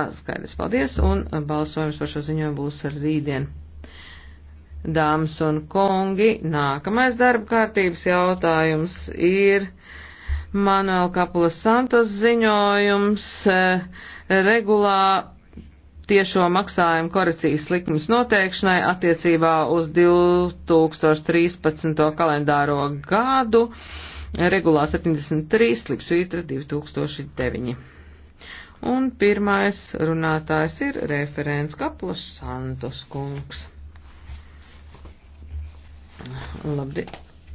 Ah, skaidrs, paldies, un eh, balsojums par šo ziņojumu būs rītdien. Dāmas un kungi, nākamais darba kārtības jautājums ir Manuel Kapulas Santos ziņojums eh, regulā tiešo maksājumu korekcijas likmes noteikšanai attiecībā uz 2013. kalendāro gadu regulā 73 līdz 2009. Un pirmais runātājs ir referents Kaplos Santos kungs. Labdien.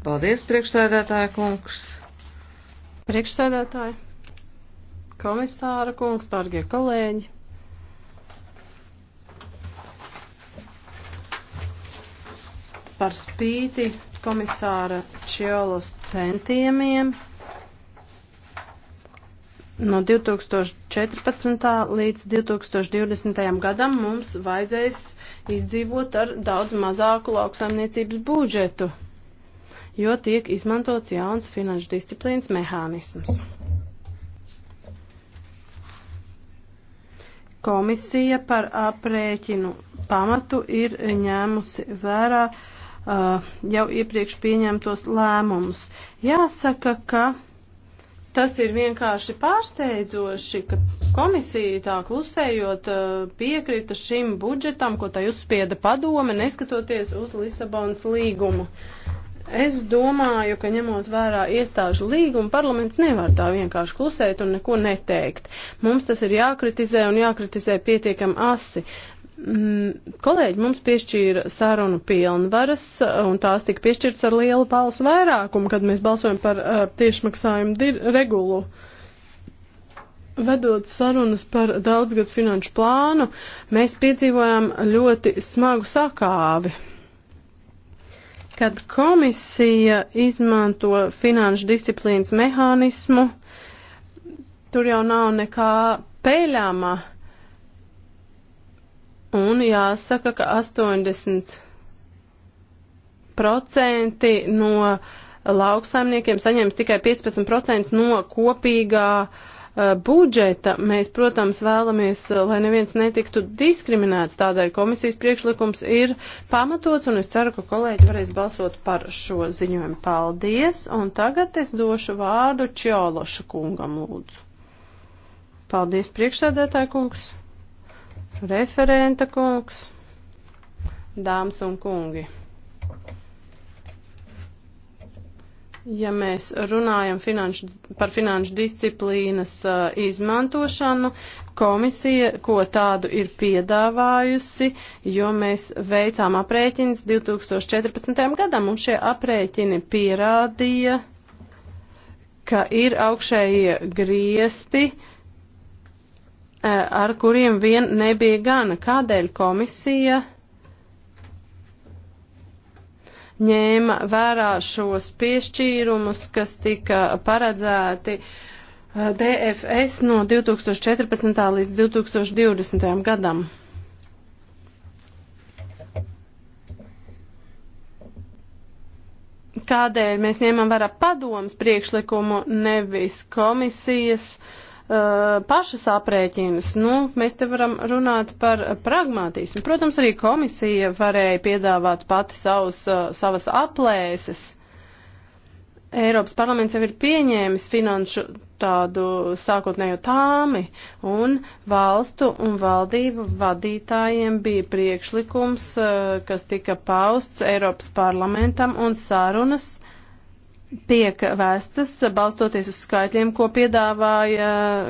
Paldies, priekšsēdētāja kungs. Priekšsēdētāja, komisāra kungs, dārgie kolēģi. Par spīti komisāra Čiolos centiemiem No 2014. līdz 2020. gadam mums vajadzēs izdzīvot ar daudz mazāku lauksaimniecības budžetu, jo tiek izmantots jauns finanšu disciplīnas mehānisms. komisija par aprēķinu pamatu ir ņēmusi vērā uh, jau iepriekš pieņemtos lēmumus. Jāsaka, ka Tas ir vienkārši pārsteidzoši, ka komisija tā klusējot eh, piekrita šim budžetam, ko tā uzspieda padome, neskatoties uz Lisabonas līgumu. Es domāju, ka ņemot vērā iestāžu līgumu, parlaments nevar tā vienkārši klusēt un neko neteikt. Mums tas ir jākritizē un jākritizē pietiekam asi. Mm, kolēģi mums piešķīra sarunu pilnvaras, un tās tika piešķirtas ar lielu balsu vairākumu, kad mēs balsojam par uh, tiešmaksājumu regulu. Vedot sarunas par daudzgadu finanšu plānu, mēs piedzīvojām ļoti smagu sakāvi. Kad komisija izmanto finanšu disciplīnas mehānismu, tur jau nav nekā peļāma. Uh, Un jāsaka, ka 80% no lauksaimniekiem saņems tikai 15% no kopīgā uh, budžeta. Mēs, protams, vēlamies, e, lai neviens netiktu diskriminēts. Tādēļ komisijas priekšlikums ir pamatots, un es ceru, ka kolēģi varēs balsot par šo ziņojumu. Paldies! Un tagad es došu vārdu Čiološa kungam lūdzu. Paldies, priekšsēdētāji kungs! referenta kungs, dāmas un kungi. Ja mēs runājam finanšu, par finanšu disciplīnas uh, izmantošanu, komisija, ko tādu ir piedāvājusi, jo mēs veicām aprēķinis 2014. gadam, un šie aprēķini pierādīja, ka ir augšējie griesti uh, Eh, ar kuriem vien nebija gana. Kādēļ komisija ņēma vērā šos piešķīrumus, kas tika paredzēti eh, DFS no 2014. līdz 2020. gadam? Kādēļ mēs ņēmām vērā padomas priekšlikumu, nevis komisijas uh, Uh, pašas aprēķinus. Nu, mēs te varam runāt par pragmatismu. Protams, arī komisija varēja piedāvāt pati savus, uh, savas aplēses. Eiropas parlaments jau ir pieņēmis finanšu tādu sākotnējo tāmi, un valstu un valdību vadītājiem bija priekšlikums, uh, kas tika pausts Eiropas parlamentam, un sarunas uh, tiek vēstas balstoties uz skaitļiem, ko piedāvāja,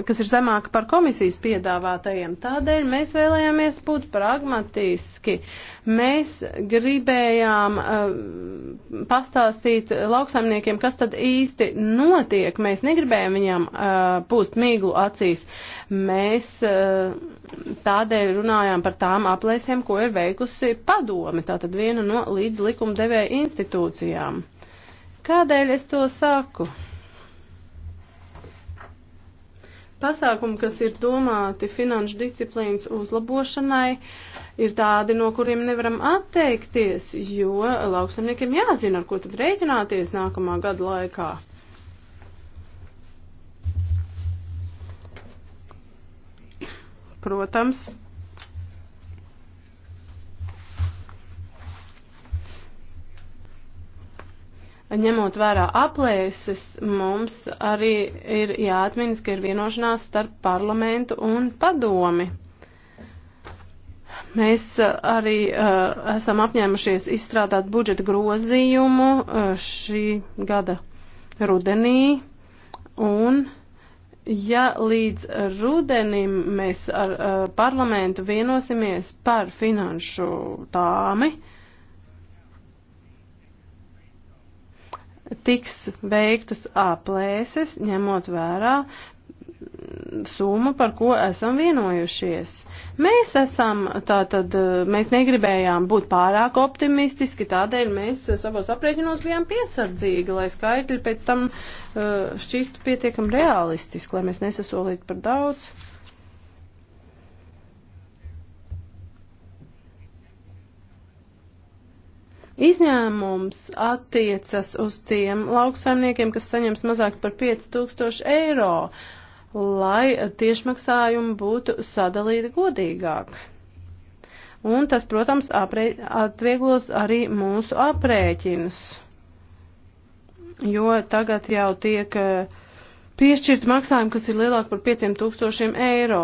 kas ir zemāka par komisijas piedāvātajiem. Tādēļ mēs vēlējāmies būt pragmatiski. Mēs gribējām uh, pastāstīt lauksaimniekiem, kas tad īsti notiek. Mēs negribējām viņam uh, eh, pūst mīglu acīs. Mēs uh, tādēļ runājām par tām aplēsēm, ko ir veikusi padome, tātad viena no līdzlikumdevēja institūcijām. Kādēļ es to saku? Pasākumi, kas ir domāti finanšu disciplīnas uzlabošanai, ir tādi, no kuriem nevaram atteikties, jo lauksamniekiem jāzina, ar ko tad rēķināties nākamā gada laikā. Protams, ņemot vērā aplēses, mums arī ir jāatminas, ka ir vienošanās starp parlamentu un padomi. Mēs uh, arī uh, esam apņēmušies izstrādāt budžeta grozījumu uh, šī gada rudenī un ja līdz rudenim mēs ar uh, parlamentu vienosimies par finanšu tāmi, uh, tiks veiktas aplēses, ņemot vērā summu, par ko esam vienojušies. Mēs esam, tātad, mēs negribējām būt pārāk optimistiski, tādēļ mēs savos aprēķinos bijām piesardzīgi, lai skaitļi pēc tam uh, šķistu pietiekam realistiski, lai mēs nesasolītu par daudz. Izņēmums attiecas uz tiem lauksaimniekiem, kas saņems mazāk par 5000 eiro, lai tiešmaksājumi būtu sadalīti godīgāk. Un tas, protams, aprē, atvieglos arī mūsu aprēķinus, jo tagad jau tiek eh, piešķirt maksājumi, kas ir lielāki par 5000 eiro.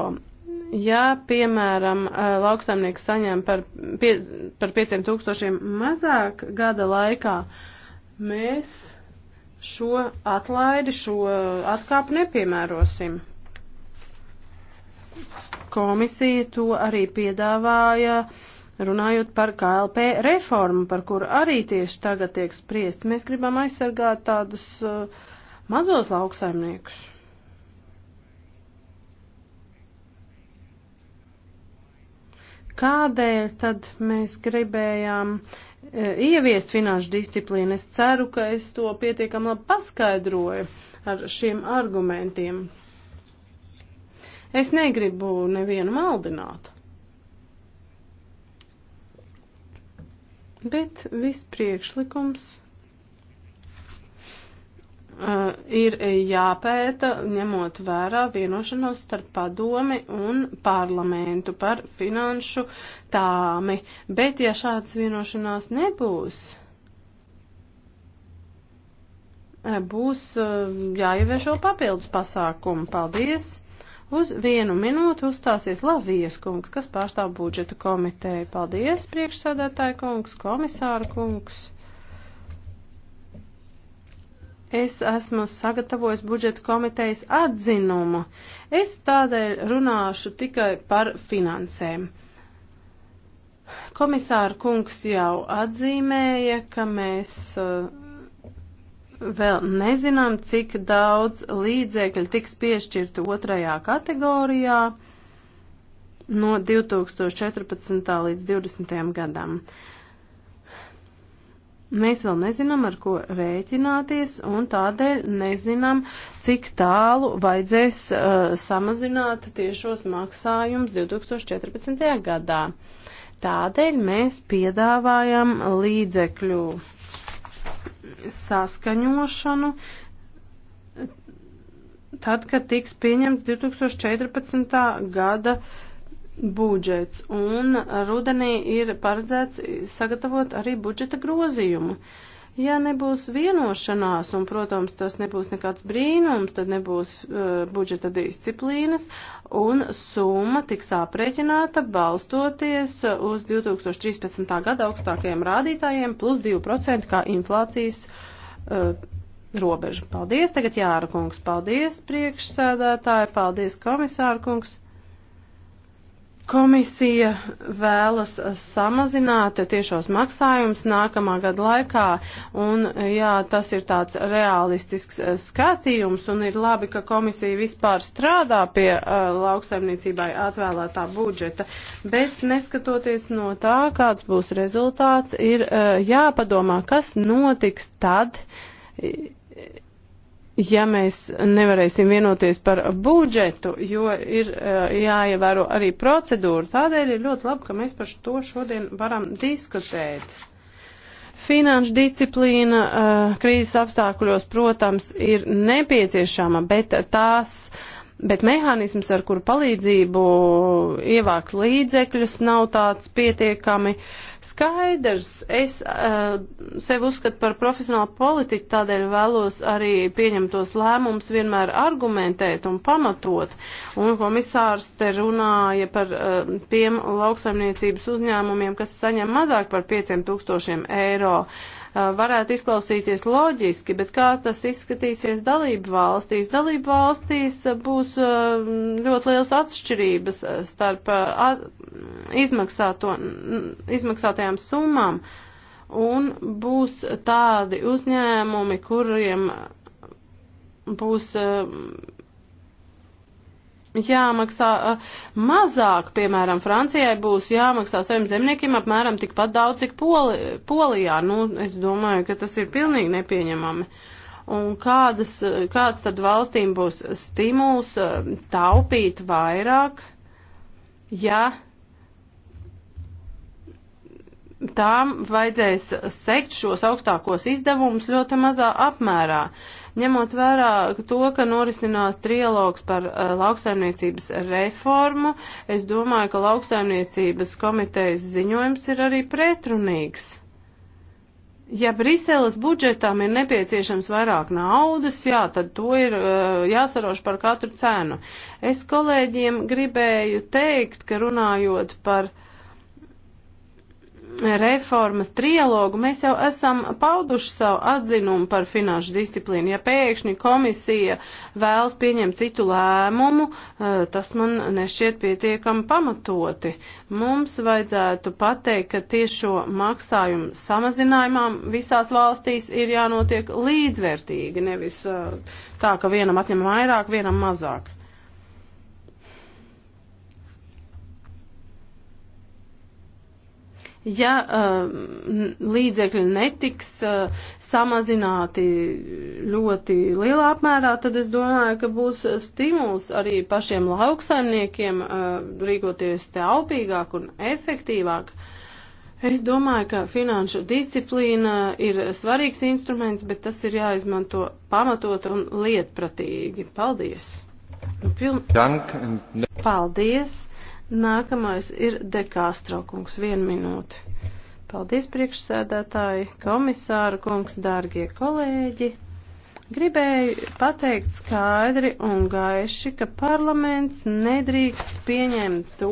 Ja, piemēram, eh, lauksaimnieks saņem par, pie, par 5000 mazāk gada laikā, mēs šo atlaidi, šo atkāpu nepiemērosim. Komisija to arī piedāvāja, runājot par KLP reformu, par kuru arī tieši tagad tiek spriest. Mēs gribam aizsargāt tādus eh, mazos lauksaimniekus. Kādēļ tad mēs gribējām e, ieviest finanšu disciplīnu? Es ceru, ka es to pietiekam labi paskaidroju ar šiem argumentiem. Es negribu nevienu maldināt. Bet viss priekšlikums Eh, ir jāpēta, ņemot vērā vienošanos starp padomi un parlamentu par finanšu tāmi. Bet, ja šāds vienošanās nebūs, eh, būs eh, jāieviešo papildus pasākumu. Paldies! Uz vienu minūtu uzstāsies Lavijas kungs, kas pārstāv budžeta komiteju. Paldies, priekšsēdētāji kungs, komisāra kungs! es esmu sagatavojis budžeta komitejas atzinumu. Es tādēļ runāšu tikai par finansēm. Komisāra kungs jau atzīmēja, ka mēs uh, vēl nezinām, cik daudz līdzekļu tiks piešķirti otrajā kategorijā no 2014. līdz 2020. gadam. Uh, Mēs vēl nezinām, ar ko rēķināties, un tādēļ nezinām, cik tālu vajadzēs uh, samazināt tiešos maksājumus 2014. gadā. Tādēļ mēs piedāvājam līdzekļu saskaņošanu, tad, kad tiks pieņemts 2014. gada uh, budžets, un rudenī ir paredzēts sagatavot arī budžeta grozījumu. Ja nebūs vienošanās, un, protams, tas nebūs nekāds brīnums, tad nebūs uh, budžeta disciplīnas, un summa tiks aprēķināta balstoties uz 2013. gada augstākajiem rādītājiem plus 2% kā inflācijas uh, e, robežu. Paldies, tagad Jāra kungs, paldies priekšsēdētāji, paldies komisāra kungs. Komisija vēlas samazināt tiešos maksājumus nākamā gada laikā, un jā, tas ir tāds realistisks eh, skatījums, un ir labi, ka komisija vispār strādā pie uh, lauksaimniecībai atvēlētā budžeta, bet neskatoties no tā, kāds būs rezultāts, ir uh, jāpadomā, kas notiks tad, ja mēs nevarēsim vienoties par budžetu, jo ir eh, jāievēro arī procedūra. Tādēļ ir ļoti labi, ka mēs par to šodien varam diskutēt. Finanšu disciplīna eh, krīzes apstākļos, protams, ir nepieciešama, bet tās uh, bet mehānisms, ar kuru palīdzību ievākt līdzekļus, nav tāds pietiekami skaidrs. Es uh, sev uzskatu par profesionālu politiku, tādēļ vēlos arī pieņemtos lēmumus vienmēr argumentēt un pamatot. Un komisārs te runāja par uh, tiem lauksaimniecības uzņēmumiem, kas saņem mazāk par 5000 eiro. Uh, Uh, varētu izklausīties loģiski, bet kā tas izskatīsies dalību valstīs? Dalību valstīs uh, būs uh, ļoti liels atšķirības starp izmaksāto, izmaksātajām summām un būs tādi uzņēmumi, kuriem būs jāmaksā uh, mazāk, piemēram, Francijai būs jāmaksā saviem zemniekiem apmēram tikpat daudz, cik Poli, Polijā. Nu, es domāju, ka tas ir pilnīgi nepieņemami. Un kādas, eh, kāds tad valstīm būs stimuls uh, taupīt vairāk, ja tām vajadzēs sekt šos augstākos izdevumus ļoti mazā apmērā? Uh, Ņemot vērā to, ka norisinās trialogs par uh, lauksaimniecības reformu, es domāju, ka lauksaimniecības komitejas ziņojums ir arī pretrunīgs. Ja Briseles budžetām ir nepieciešams vairāk naudas, jā, tad to ir uh, eh, jāsarož par katru cenu. Es kolēģiem gribēju teikt, ka runājot par uh, reformas trialogu mēs jau esam pauduši savu atzinumu par finanšu disciplīnu. Ja pēkšņi komisija vēlas pieņemt citu lēmumu, eh, tas man nešķiet pietiekami pamatoti. Mums vajadzētu pateikt, ka tiešo maksājumu samazinājumām visās valstīs ir jānotiek līdzvērtīgi, nevis eh, tā, ka vienam atņem vairāk, vienam mazāk. ja uh, līdzekļi netiks uh, samazināti ļoti lielā apmērā, tad es domāju, ka būs stimuls arī pašiem lauksaimniekiem uh, rīkoties taupīgāk un efektīvāk. Es domāju, ka finanšu disciplīna ir svarīgs instruments, bet tas ir jāizmanto pamatot un lietpratīgi. Paldies! Nu, piln... Paldies! Nākamais ir Dekāstro kungs, vienu minūti. Paldies priekšsēdētāji, komisāra kungs, dārgie kolēģi. Gribēju pateikt skaidri un gaiši, ka parlaments nedrīkst pieņemt to,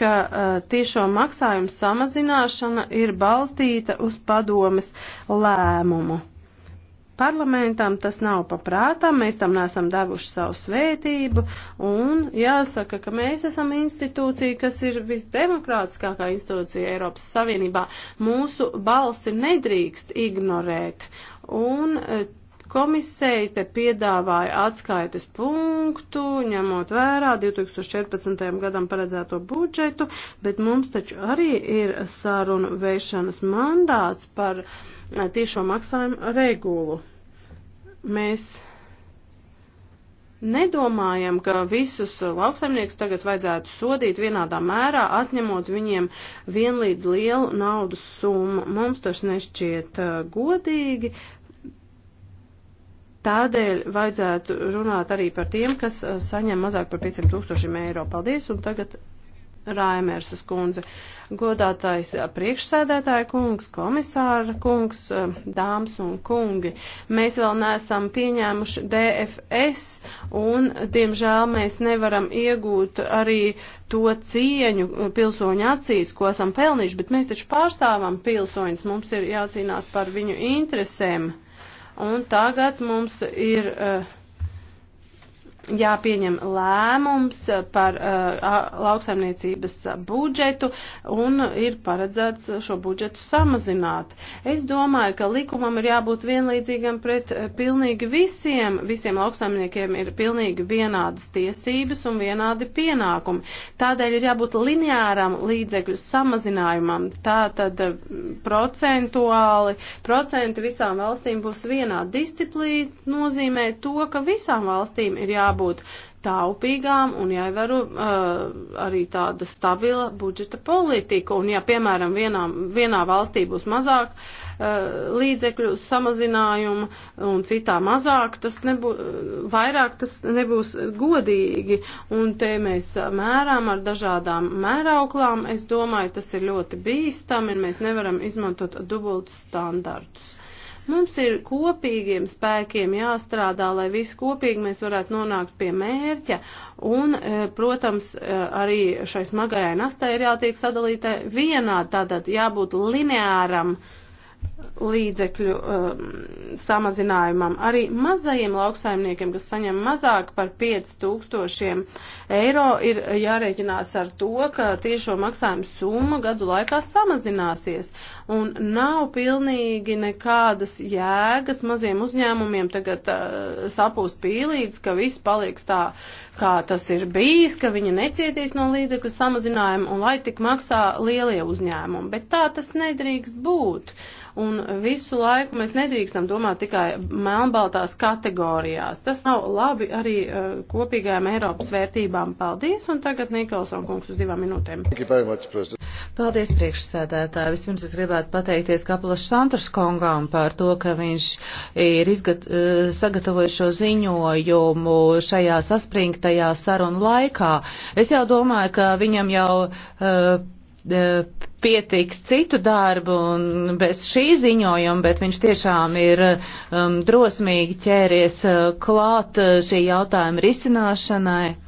ka uh, tiešo maksājumu samazināšana ir balstīta uz padomes lēmumu. Parlamentam tas nav paprātām, mēs tam nesam devuši savu svētību, un jāsaka, ka mēs esam institūcija, kas ir visdemokrātiskākā institūcija Eiropas Savienībā. Mūsu balsi nedrīkst ignorēt, un eh, Komisēja te piedāvāja atskaites punktu, ņemot vērā 2014. gadam paredzēto budžetu, bet mums taču arī ir sarunu vešanas mandāts par eh, tiešo maksājumu regulu. Mēs nedomājam, ka visus lauksaimniekus tagad vajadzētu sodīt vienādā mērā, atņemot viņiem vienlīdz lielu naudas summu. Mums tas nešķiet eh, godīgi, Tādēļ vajadzētu runāt arī par tiem, kas uh, saņem mazāk par 500 tūkstošiem eiro. Paldies, un tagad Rāmērsas kundze. Godātais uh, priekšsēdētāja kungs, komisāra kungs, uh, dāmas un kungi. Mēs vēl neesam pieņēmuši DFS un, diemžēl, mēs nevaram iegūt arī to cieņu pilsoņu acīs, ko esam pelnījuši, bet mēs taču pārstāvam pilsoņus, mums ir jācīnās par viņu interesēm. Un tagad mums ir. Uh, jāpieņem lēmums par uh, lauksaimniecības budžetu un ir paredzēts šo budžetu samazināt. Es domāju, ka likumam ir jābūt vienlīdzīgam pret uh, pilnīgi visiem. Visiem lauksaimniekiem ir pilnīgi vienādas tiesības un vienādi pienākumi. Tādēļ ir jābūt lineāram līdzekļu samazinājumam. Tā tad uh, procentuāli, procenti visām valstīm būs vienā disciplīna nozīmē to, ka visām valstīm ir jābūt jābūt taupīgām un jāievēro uh, arī tāda stabila budžeta politika. Un ja, piemēram, vienā, vienā valstī būs mazāk uh, līdzekļu samazinājumu un citā mazāk, tas nebū, vairāk tas nebūs godīgi. Un te mēs mērām ar dažādām mērauklām. Es domāju, tas ir ļoti bīstami un mēs nevaram izmantot dubultus standartus. Mums ir kopīgiem spēkiem jāstrādā, lai visi kopīgi mēs varētu nonākt pie mērķa, un, e, protams, e, arī šai smagajai nastai ir jātiek sadalītai vienā, tātad jābūt lineāram līdzekļu um, samazinājumam. Arī mazajiem lauksaimniekiem, kas saņem mazāk par 5000 eiro, ir jārēķinās ar to, ka tiešo maksājumu summa gadu laikā samazināsies un nav pilnīgi nekādas jēgas maziem uzņēmumiem tagad uh, sapūst pīlīdz, ka viss paliks tā, kā tas ir bijis, ka viņi necietīs no līdzekļu samazinājumu un lai tik maksā lielie uzņēmumi. Bet tā tas nedrīkst būt. Un visu laiku mēs nedrīkstam domāt tikai melnbaltās kategorijās. Tas nav labi arī uh, kopīgajām Eiropas vērtībām. Paldies, un tagad Nikolson kungs uz divām minūtēm. Paldies, priekšsēdētāji. Vispirms es gribētu pateikties Kaplaš Santras kongām par to, ka viņš ir izgat, eh, sagatavojis šo ziņojumu šajā saspringtajā sarunu laikā. Es jau domāju, ka viņam jau uh, pietiks citu darbu un bez šī ziņojuma, bet viņš tiešām ir um, drosmīgi ķēries uh, klāt uh, šī jautājuma risināšanai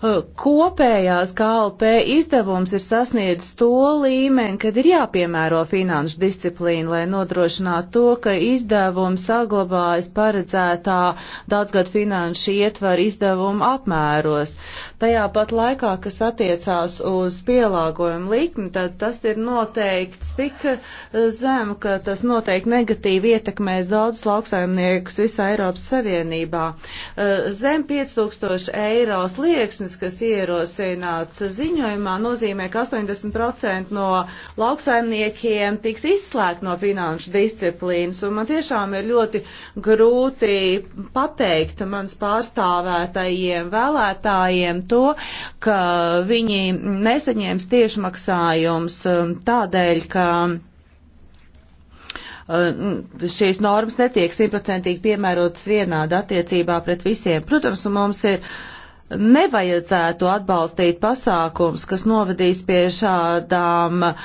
kopējās KLP izdevums ir sasniedzis to līmeni, kad ir jāpiemēro finanšu disciplīna, lai nodrošinātu to, ka izdevums saglabājas paredzētā daudzgad finanšu ietver izdevumu apmēros. Tajā pat laikā, kas attiecās uz pielāgojumu likmi, tad tas ir noteikts tik zem, ka tas noteikti negatīvi ietekmēs daudzus lauksaimniekus visā Eiropas Savienībā. Zem 5000 eiro slieksni mehānisms, kas ierosināts ziņojumā, nozīmē, ka 80% no lauksaimniekiem tiks izslēgt no finanšu disciplīnas, un man tiešām ir ļoti grūti pateikt mans pārstāvētajiem vēlētājiem to, ka viņi nesaņēms tiešmaksājums um, tādēļ, ka uh, šīs normas netiek simtprocentīgi piemērotas vienādi attiecībā pret visiem. Protams, mums ir nevajadzētu atbalstīt pasākums, kas novedīs pie šādām uh,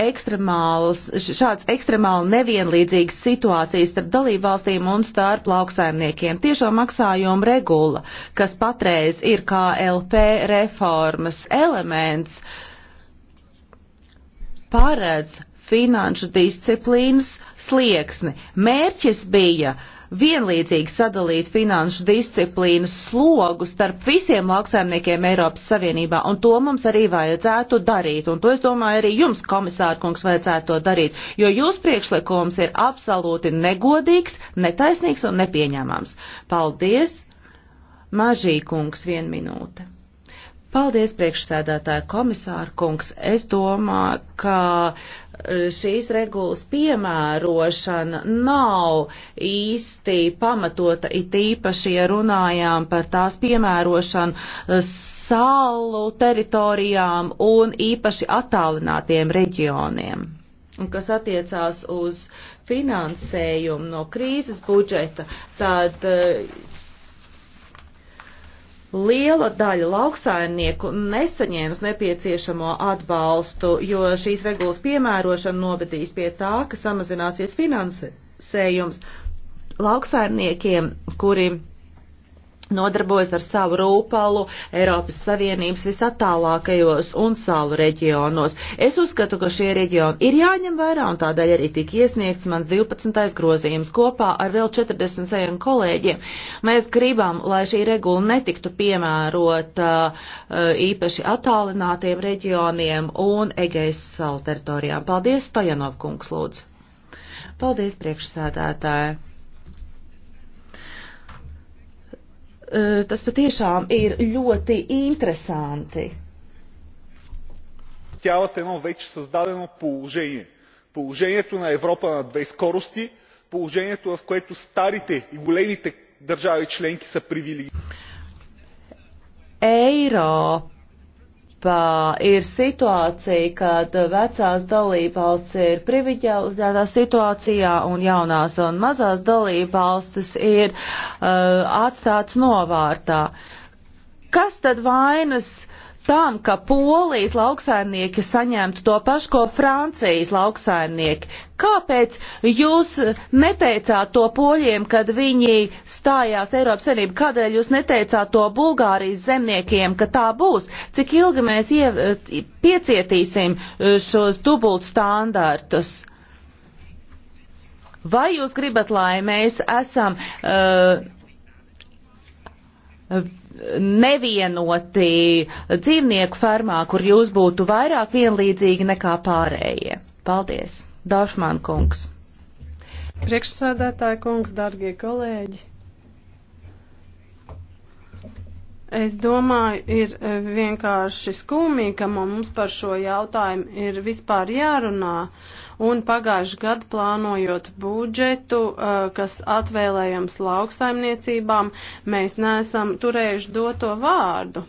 ekstremālas, šāds ekstremāli nevienlīdzīgas situācijas starp dalībvalstīm un starp lauksaimniekiem. Tiešo maksājumu regula, kas patreiz ir kā LP reformas elements, paredz finanšu disciplīnas slieksni. Mērķis bija uh, vienlīdzīgi sadalīt finanšu disciplīnas slogu starp visiem lauksaimniekiem Eiropas Savienībā, un to mums arī vajadzētu darīt, un to es domāju arī jums, komisārkungs, vajadzētu to darīt, jo jūs priekšlikums ir absolūti negodīgs, netaisnīgs un nepieņemams. Paldies! Mažīkungs, vien minūte. Paldies, priekšsēdētāja komisāra kungs. Es domāju, ka e, šīs regulas piemērošana nav īsti pamatota, it īpaši, ja runājām par tās piemērošanu e, salu teritorijām un īpaši attālinātiem reģioniem. Un kas attiecās uz finansējumu no krīzes budžeta, tad e, Liela daļa lauksaimnieku nesaņēmis nepieciešamo atbalstu, jo šīs regulas piemērošana novedīs pie tā, ka samazināsies finansējums lauksaimniekiem, kuri nodarbojas ar savu rūpalu Eiropas Savienības visatālākajos un salu reģionos. Es uzskatu, ka šie reģioni ir jāņem vērā un tādēļ arī tika iesniegts mans 12. grozījums kopā ar vēl 47 kolēģiem. Mēs gribam, lai šī regula netiktu piemērota eh, īpaši attālinātiem reģioniem un Egejas salu teritorijām. Paldies, Stojanov kungs, lūdzu. Paldies, priekšsēdētāji. Eh, tas patiešām ir ļoti interesanti. Цялата едно вече създадено положение. Положението на Европа на две скорости, положението в което старите и големите държави членки са привилегировани. Европа Eiropā ir situācija, kad vecās dalībvalsts ir privileģētā situācijā un jaunās un mazās dalībvalstis ir uh, atstāts novārtā. Kas tad vainas tam, ka Polijas lauksaimnieki saņemtu to pašu, ko Francijas lauksaimnieki. Kāpēc jūs neteicāt to poļiem, kad viņi stājās Eiropas Savienību? Kādēļ jūs neteicāt to Bulgārijas zemniekiem, ka tā būs? Cik ilgi mēs ie, piecietīsim e, šos dubult standartus? Vai jūs gribat, lai mēs esam uh, nevienoti dzīvnieku fermā, kur jūs būtu vairāk vienlīdzīgi nekā pārējie. Paldies, Dāršmān kungs. Priekšsēdētāja kungs, dārgie kolēģi. Es domāju, ir e, vienkārši skumīgi, ka mums par šo jautājumu ir vispār jārunā. Uh, un pagājuši gadu plānojot budžetu, eh, kas atvēlējams lauksaimniecībām, mēs neesam turējuši doto vārdu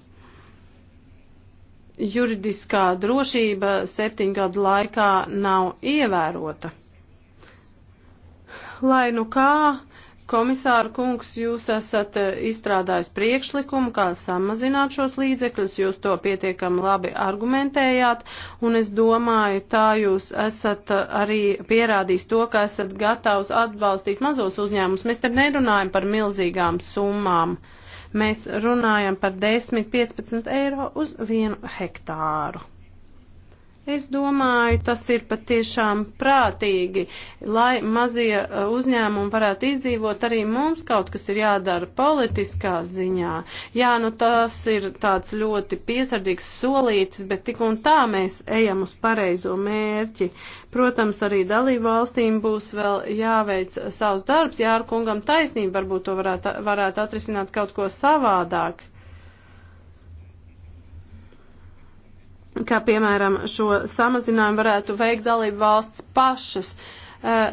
juridiskā drošība septiņu gadu laikā nav ievērota. Lai nu kā Komisāra kungs, jūs esat eh, izstrādājis priekšlikumu, kā samazināt šos līdzekļus, jūs to pietiekami labi argumentējāt, un es domāju, tā jūs esat eh, arī pierādījis to, ka esat gatavs atbalstīt mazos uzņēmumus. Mēs te nerunājam par milzīgām summām. Mēs runājam par 10-15 eiro uz vienu hektāru. Es domāju, tas ir patiešām prātīgi, lai mazie uh, uzņēmumi varētu izdzīvot, arī mums kaut kas ir jādara politiskā ziņā. Jā, nu tas ir tāds ļoti piesardzīgs solītis, bet tik un tā mēs ejam uz pareizo mērķi. Protams, arī dalību valstīm būs vēl jāveic savs darbs, jārkungam taisnība, varbūt to varētu, varētu atrisināt kaut ko savādāk. ka, piemēram, šo samazinājumu varētu veikt dalību valsts pašas.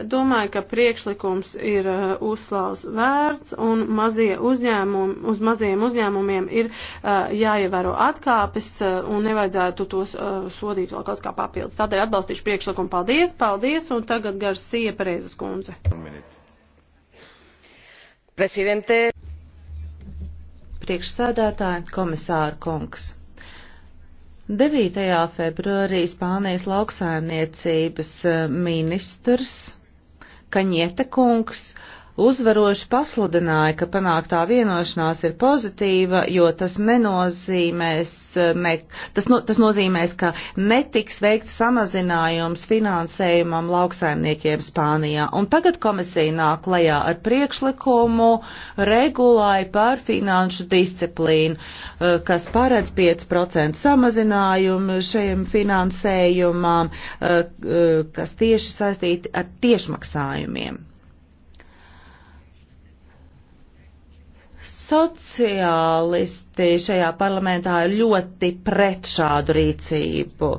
Domāju, ka priekšlikums ir uzslaus vērts un mazie uzņēmumi, uz maziem uzņēmumiem ir jāievēro atkāpes un nevajadzētu tos sodīt vēl kaut kā papildus. Tādēļ atbalstīšu priekšlikumu. Paldies, paldies un tagad gars sieperēzes kundze. Presidente. Priekšsēdētāji, komisāra kungs. 9. februārī Spānijas lauksaimniecības eh, ministrs Kaņieta kungs uh, uzvaroši pasludināja, ka panāktā vienošanās ir pozitīva, jo tas nenozīmēs, eh, ne, tas, no, tas nozīmēs, ka netiks veikts samazinājums finansējumam lauksaimniekiem Spānijā. Un tagad komisija nāk klajā ar priekšlikumu regulai par finanšu disciplīnu, eh, kas paredz 5% samazinājumu šiem finansējumam, eh, kas tieši saistīti ar tiešmaksājumiem. Sociālisti šajā parlamentā ir ļoti pret šādu rīcību,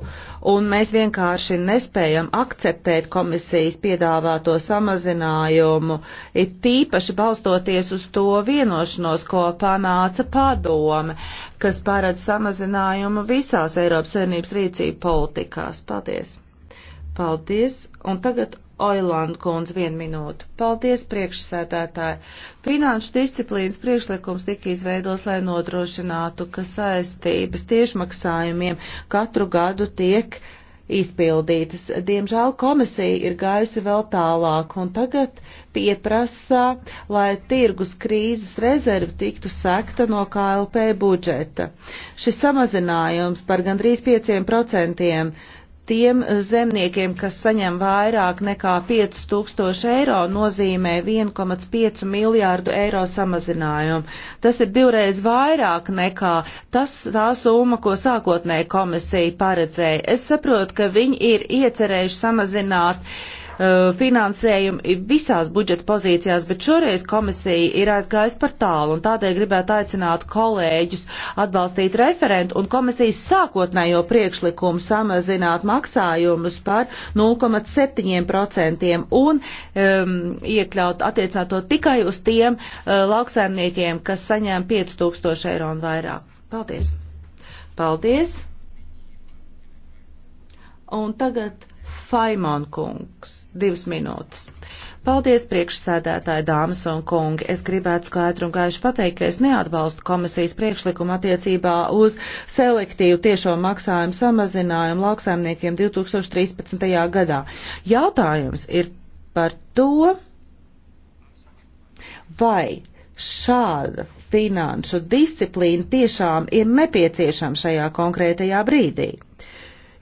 un mēs vienkārši nespējam akceptēt komisijas piedāvāto samazinājumu, it tīpaši balstoties uz to vienošanos, ko panāca padome, kas paredz samazinājumu visās Eiropas Savienības rīcību politikās. Paldies! Paldies! Un tagad Oilanda kundze vienu minūtu. Paldies, priekšsēdētāji. Finanšu disciplīnas priekšlikums tika izveidos, lai nodrošinātu, ka saistības tiešmaksājumiem katru gadu tiek izpildītas. Diemžēl komisija ir gājusi vēl tālāk un tagad pieprasa, lai tirgus krīzes rezervi tiktu sekta no KLP budžeta. Šis samazinājums par gandrīz 5% tiem eh, zemniekiem, kas saņem vairāk nekā 5000 eiro, nozīmē 1,5 miljārdu eiro samazinājumu. Tas ir divreiz vairāk nekā tas, tā summa, ko sākotnēji komisija paredzēja. Es saprotu, ka viņi ir iecerējuši samazināt uh, Uh, finansējumu visās budžeta pozīcijās, bet šoreiz komisija ir aizgājusi par tālu un tādēļ gribētu aicināt kolēģus atbalstīt referentu un komisijas sākotnējo priekšlikumu samazināt maksājumus par 0,7% un um, iekļaut attiecināto tikai uz tiem uh, lauksaimniekiem, kas saņēma 5000 eiro un vairāk. Paldies! Paldies! Un tagad Faimon kungs, divas minūtes. Paldies, priekšsēdētāji, dāmas un kungi. Es gribētu skaidri un gaiši pateikt, ka es neatbalstu komisijas priekšlikumu attiecībā uz selektīvu tiešo maksājumu samazinājumu lauksaimniekiem 2013. gadā. Jautājums ir par to, vai šāda finanšu disciplīna tiešām ir nepieciešama šajā konkrētajā brīdī.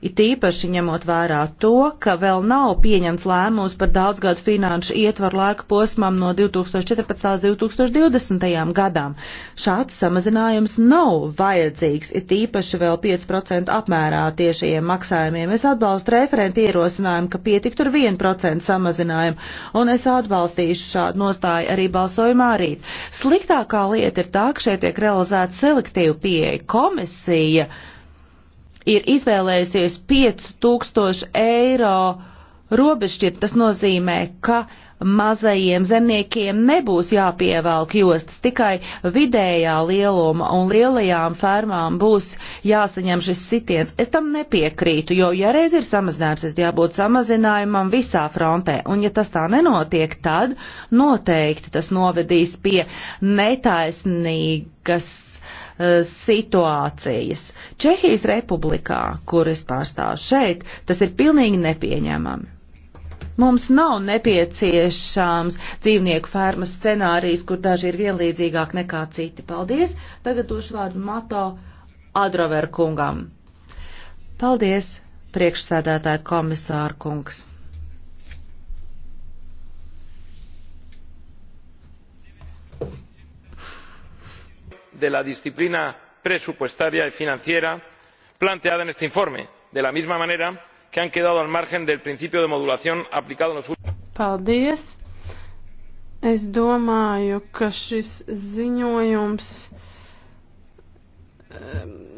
It īpaši ņemot vērā to, ka vēl nav pieņemts lēmums par daudzgadu finanšu ietvaru laika posmam no 2014. līdz 2020. gadam. Šāds samazinājums nav vajadzīgs, it īpaši vēl 5% apmērā tiešajiem maksājumiem. Es atbalstu referenti ierosinājumu, ka pietiktu ar 1% samazinājumu, un es atbalstīšu šādu nostāju arī balsojumā rīt. Sliktākā lieta ir tā, ka šeit tiek realizēta selektīva pieeja. Komisija ir izvēlējusies 5000 eiro robežšķirt, tas nozīmē, ka mazajiem zemniekiem nebūs jāpievelk jostas, tikai vidējā lieluma un lielajām fermām būs jāsaņem šis sitiens. Es tam nepiekrītu, jo ja reiz ir samazinājums, tad jābūt samazinājumam visā frontē, un ja tas tā nenotiek, tad noteikti tas novedīs pie netaisnīgas Eh, situācijas. Čehijas republikā, kur es pārstāvu šeit, tas ir pilnīgi nepieņemami. Mums nav nepieciešams dzīvnieku fermas scenārijs, kur daži ir vienlīdzīgāk nekā citi. Paldies! Tagad došu vārdu Mato Adrover kungam. Paldies, priekšsēdētāja komisāra kungs! de la disciplina presupuestaria y financiera planteada en este informe de la misma manera que han quedado al margen del principio de modulación aplicado en los últimos. Es domāju, ka šis ziņojums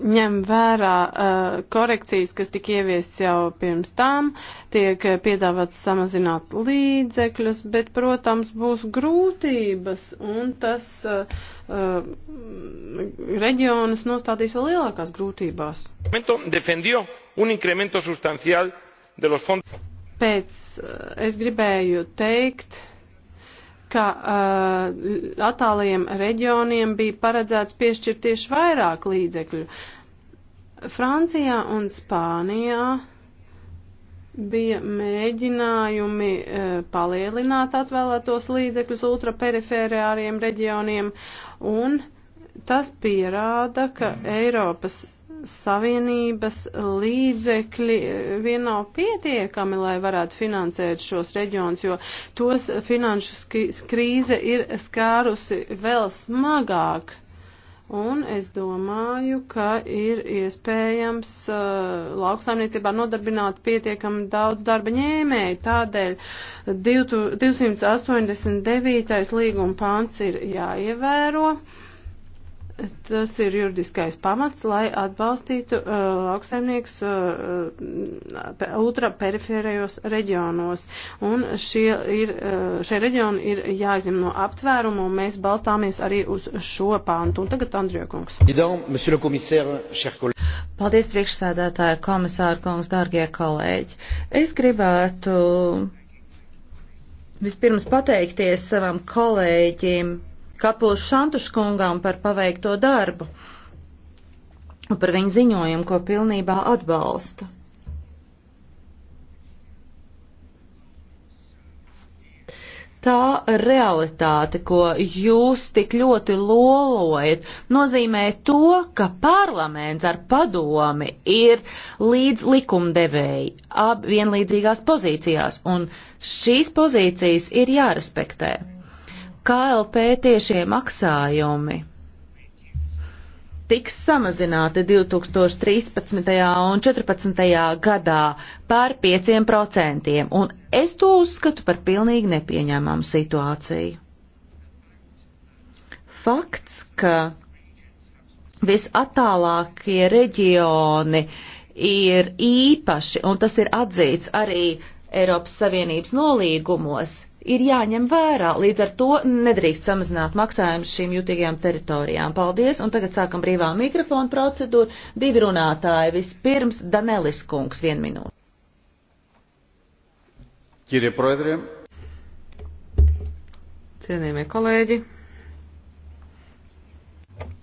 ņem vērā uh, korekcijas, kas tika ieviesas jau pirms tam, tiek uh, piedāvāts samazināt līdzekļus, bet, protams, būs grūtības un tas uh, uh, mm, reģionus nostādīs vēl lielākās grūtībās. Pēc uh, es gribēju teikt, ka uh, attālajiem reģioniem bija paredzēts piešķirt tieši vairāk līdzekļu. Francijā un Spānijā bija mēģinājumi e, palielināt atvēlētos līdzekļus ultraperifērāriem reģioniem, un tas pierāda, ka Eiropas Savienības līdzekļi eh, vien nav pietiekami, lai varētu finansēt šos reģionus, jo tos finanšu krīze ir skārusi vēl smagāk. Un es domāju, ka ir iespējams uh, lauksaimniecībā nodarbināt pietiekami daudz darba ņēmēju. Tādēļ 289. līguma pants ir jāievēro. Uh, Tas ir juridiskais pamats, lai atbalstītu uh, lauksaimniekus uh, uh ultra periferējos reģionos. Un šie, ir, uh, šie reģioni ir jāizņem no aptvērumu, un mēs balstāmies arī uz šo pāntu. Un tagad Andriekungs. Paldies, priekšsēdētāja komisāra kungs, dārgie kolēģi. Es gribētu vispirms pateikties savam kolēģim Kapulas Šantuškungam par paveikto darbu un par viņu ziņojumu, ko pilnībā atbalsta. Tā realitāte, ko jūs tik ļoti lolojat, nozīmē to, ka parlaments ar padomi ir līdz likumdevēji ab vienlīdzīgās pozīcijās, un šīs pozīcijas ir jārespektē. Mm. KLP tiešie maksājumi tiks samazināti 2013. un 2014. gadā par 5%, un es to uzskatu par pilnīgi nepieņēmumu situāciju. Fakts, ka visattālākie reģioni ir īpaši, un tas ir atzīts arī Eiropas Savienības nolīgumos, ir jāņem vērā. Līdz ar to nedrīkst samazināt maksājumus šīm jutīgajām teritorijām. Paldies, un tagad sākam brīvā mikrofona procedūru. Divi runātāji. Vispirms Danelis Kungs, vienu minūti. Kirie proedrie. Cienījamie kolēģi.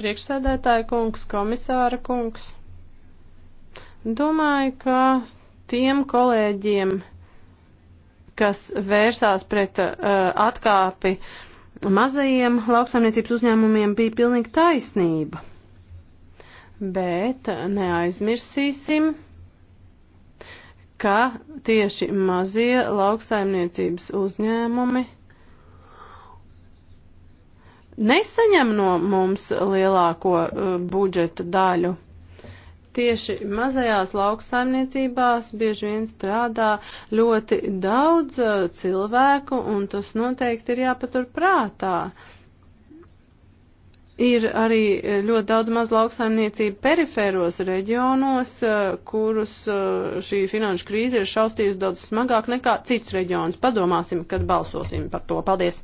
Priekšsēdētāja kungs, komisāra kungs. Domāju, ka tiem kolēģiem, kas vērsās pret uh, atkāpi mazajiem lauksaimniecības uzņēmumiem, bija pilnīgi taisnība. Bet neaizmirsīsim, ka tieši mazie lauksaimniecības uzņēmumi nesaņem no mums lielāko uh, budžeta daļu. Tieši mazajās lauksaimniecībās bieži vien strādā ļoti daudz uh, cilvēku, un tas noteikti ir jāpatur prātā. Ir arī uh, ļoti daudz maz lauksaimniecību perifēros reģionos, uh, kurus šī finanšu krīze ir šaustījusi daudz smagāk nekā cits reģions. Padomāsim, kad balsosim par to. Paldies!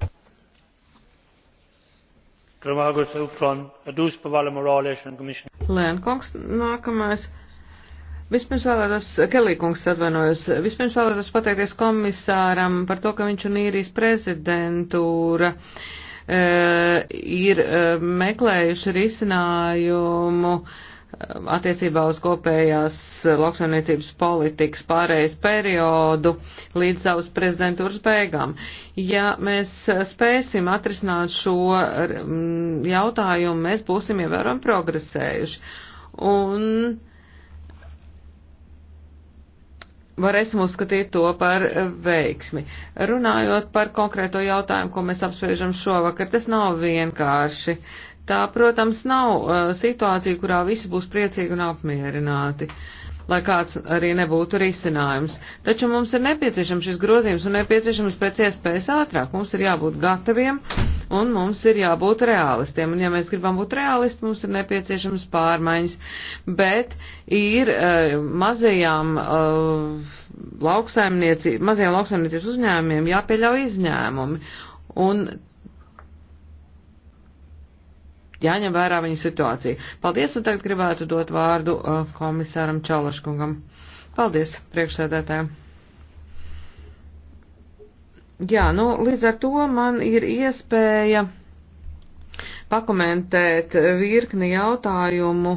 Lēnkungs nākamais. Vispirms vēlētos, Kelīkungs atvainojos, vispirms vēlētos pateikties komisāram par to, ka viņš un īrijas prezidentūra uh, ir uh, meklējuši risinājumu uh, Um, attiecībā uz kopējās uh, lauksaimniecības politikas pārējais periodu līdz savas prezidentūras beigām. Ja mēs uh, spēsim atrisināt šo um, jautājumu, mēs būsim ievērojami progresējuši. Un varēsim uzskatīt to par eh, veiksmi. Runājot par konkrēto jautājumu, ko mēs apspriežam šovakar, tas nav vienkārši. Tā, protams, nav uh, situācija, kurā visi būs priecīgi un apmierināti lai kāds arī nebūtu risinājums. Taču mums ir nepieciešams šis grozījums un nepieciešams pēc iespējas ātrāk. Mums ir jābūt gataviem un mums ir jābūt realistiem. Un ja mēs gribam būt realisti, mums ir nepieciešams pārmaiņas, bet ir uh, mazajām uh, eh, lauksaimniecības, mazajām lauksaimniecības uzņēmumiem jāpieļauj izņēmumi. Un jāņem vērā viņu situācija. Paldies, un tagad gribētu dot vārdu uh, komisāram Čalaškungam. Paldies, priekšsēdētājiem. Jā, nu, līdz ar to man ir iespēja pakomentēt virkni jautājumu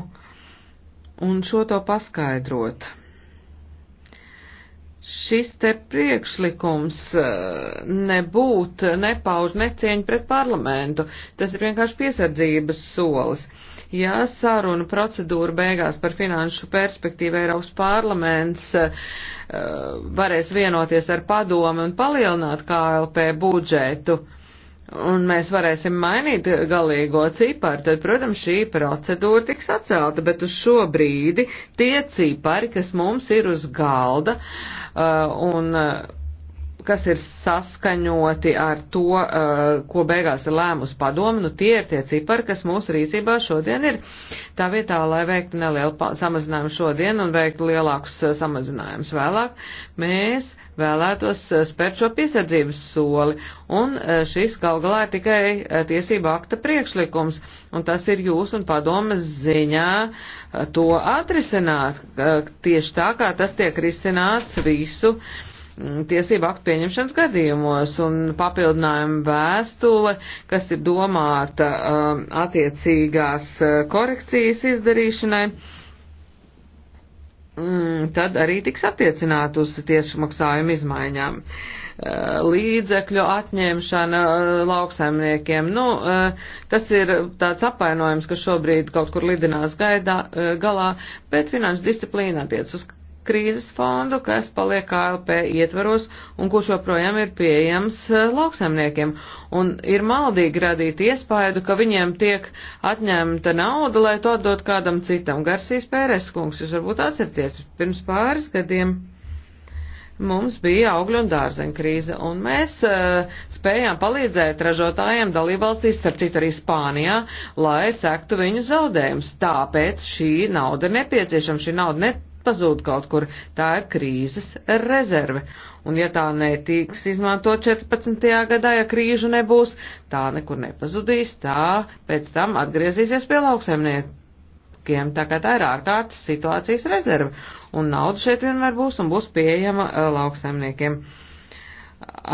un šo to paskaidrot šis te priekšlikums eh, nebūt, nepauž necieņu pret parlamentu. Tas ir vienkārši piesardzības solis. Ja saruna procedūra beigās par finanšu perspektīvu Eiropas parlaments eh, varēs vienoties ar padomi un palielināt KLP budžetu, uh, un mēs varēsim mainīt galīgo ciparu, tad, protams, šī procedūra tiks atcelta, bet uz šo brīdi tie cipari, kas mums ir uz galda uh, un uh, kas ir saskaņoti ar to, uh, ko beigās ir lēmus padomu, nu tie ir tie cipari, kas mūsu rīcībā šodien ir. Tā vietā, lai veiktu nelielu samazinājumu šodien un veiktu lielākus uh, samazinājumus vēlāk, mēs vēlētos eh, spērt šo piesardzības soli, un eh, šis gal galā ir tikai eh, tiesība akta priekšlikums, un tas ir jūs un padomas ziņā to atrisināt, tieši tā kā tas tiek risināts visu mm, tiesību aktu pieņemšanas gadījumos un papildinājuma vēstule, kas ir domāta attiecīgās korekcijas izdarīšanai Mm, tad arī tiks attiecināt uz tiešu maksājumu izmaiņām. Eh, līdzekļu atņemšana eh, lauksaimniekiem, nu, eh, tas ir tāds apvainojums, kas šobrīd kaut kur lidinās gaidā, galā, bet finanšu disciplīna attiec uz krīzes fondu, kas paliek KLP ietvaros un kurš joprojām ir pieejams e, lauksaimniekiem. Un ir maldīgi radīt iespēju, ka viņiem tiek atņemta nauda, lai to atdot kādam citam. Garsīs Pērēs kungs, jūs varbūt atcerieties, pirms pāris gadiem mums bija augļu un dārzeņu krīze, un mēs uh, spējām palīdzēt ražotājiem dalībvalstīs, starp citu arī Spānijā, lai sektu viņu zaudējumus. Tāpēc šī nauda ir nepieciešama, šī nauda ne, pazūd kaut kur. Tā ir krīzes rezerve. Un ja tā netiks izmantot 14. gadā, ja krīžu nebūs, tā nekur nepazudīs, tā pēc tam atgriezīsies pie lauksaimniekiem. Tā kā tā ir ārkārtas situācijas rezerve. Un nauda šeit vienmēr būs un būs pieejama eh, lauksaimniekiem.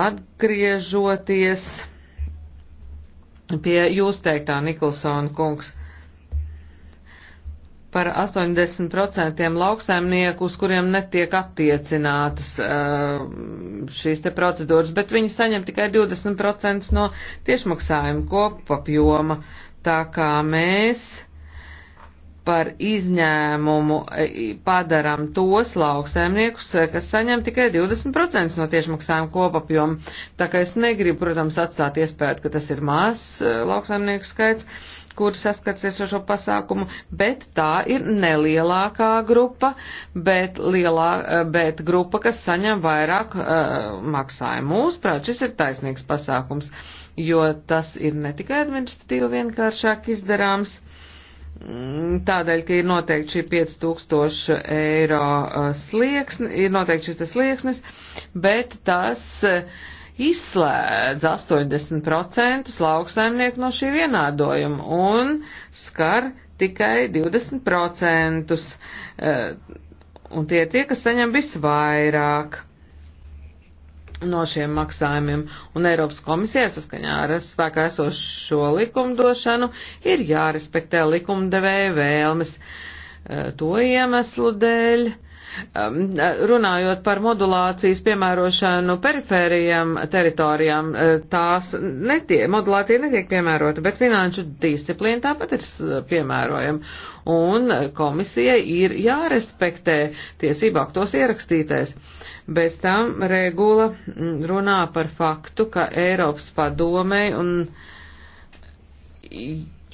Atgriežoties pie jūs teiktā, Nikolsona kungs par 80% lauksaimnieku, uz kuriem netiek attiecinātas uh, šīs te procedūras, bet viņi saņem tikai 20% no tiešmaksājuma kopapjoma. Tā kā mēs par izņēmumu e, padaram tos lauksaimniekus, e, kas saņem tikai 20% no tiešmaksājuma kopapjoma. Tā kā es negribu, protams, atstāt iespēju, ka tas ir mās e, lauksaimnieku skaits kur saskarsies ar šo pasākumu, bet tā ir nelielākā grupa, bet, lielā, eh, bet grupa, kas saņem vairāk uh, maksājumu. Mūsuprāt, šis ir taisnīgs pasākums, jo tas ir ne tikai administratīvi vienkāršāk izdarāms, mm, tādēļ, ka ir noteikti šī 5000 eiro eh, slieksni, ir noteikti šis slieksnis, bet tas uh, izslēdz 80% lauksaimnieku no šī vienādojuma un skar tikai 20%, eh, un tie tie, kas saņem visvairāk no šiem maksājumiem, un Eiropas komisijā saskaņā ar spēkā esošo likumdošanu ir jārespektē likumdevēja vēlmes eh, to iemeslu dēļ, uh, Um, runājot par modulācijas piemērošanu perifērijām teritorijām, uh, tās netie, modulācija netiek piemērota, bet finanšu disciplīna tāpat ir piemērojama. Un komisijai ir jārespektē tiesību aktos ierakstītais. Bez tam regula mm, runā par faktu, ka Eiropas padomei un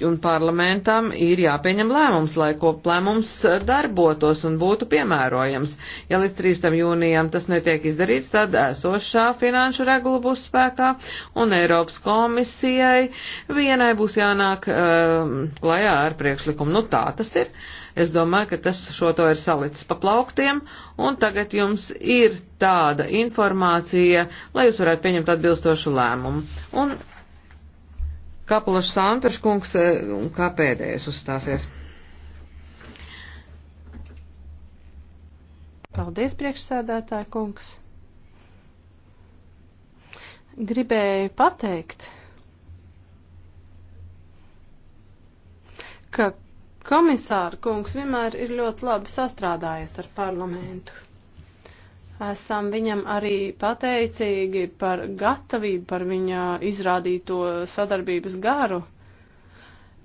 un parlamentam ir jāpieņem lēmums, lai koplēmums darbotos un būtu piemērojams. Ja līdz 3. jūnijam tas netiek izdarīts, tad esošā finanšu regula būs spēkā un Eiropas komisijai vienai būs jānāk um, klajā ar priekšlikumu. Nu tā tas ir. Es domāju, ka tas šo to ir salicis pa plauktiem un tagad jums ir tāda informācija, lai jūs varētu pieņemt atbilstošu lēmumu. Un Kapulašs Santaškungs, e, kā pēdējais uzstāsies. Paldies, priekšsēdētāja kungs. Gribēju pateikt, ka komisāra kungs vienmēr ir ļoti labi sastrādājies ar parlamentu. Esam viņam arī pateicīgi par gatavību, par viņa izrādīto sadarbības garu.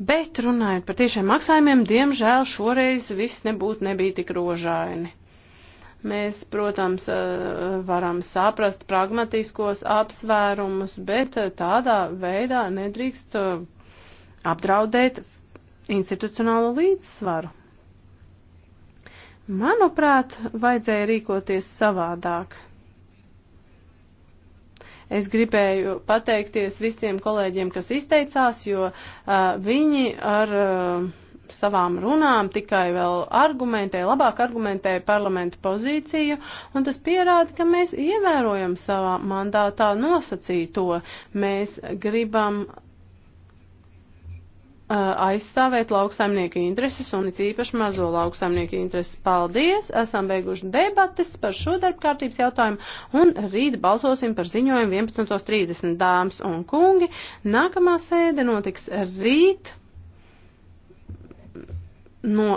Bet runājot par tiešiem maksājumiem, diemžēl šoreiz viss nebūtu nebija tik rožaini. Mēs, protams, eh, varam saprast pragmatiskos apsvērumus, bet eh, tādā veidā nedrīkst eh, apdraudēt institucionālo līdzsvaru. Manuprāt, vajadzēja rīkoties savādāk. Es gribēju pateikties visiem kolēģiem, kas izteicās, jo uh, viņi ar uh, savām runām tikai vēl argumentē, labāk argumentē parlamentu pozīciju, un tas pierāda, ka mēs ievērojam savā mandātā nosacīto. Mēs gribam Uh, aizstāvēt lauksaimnieku intereses un it īpaši mazo lauksaimnieku intereses. Paldies! Esam beiguši debates par šo darbkārtības jautājumu un rīt balsosim par ziņojumu 11.30 dāmas un kungi. Nākamā sēde notiks rīt no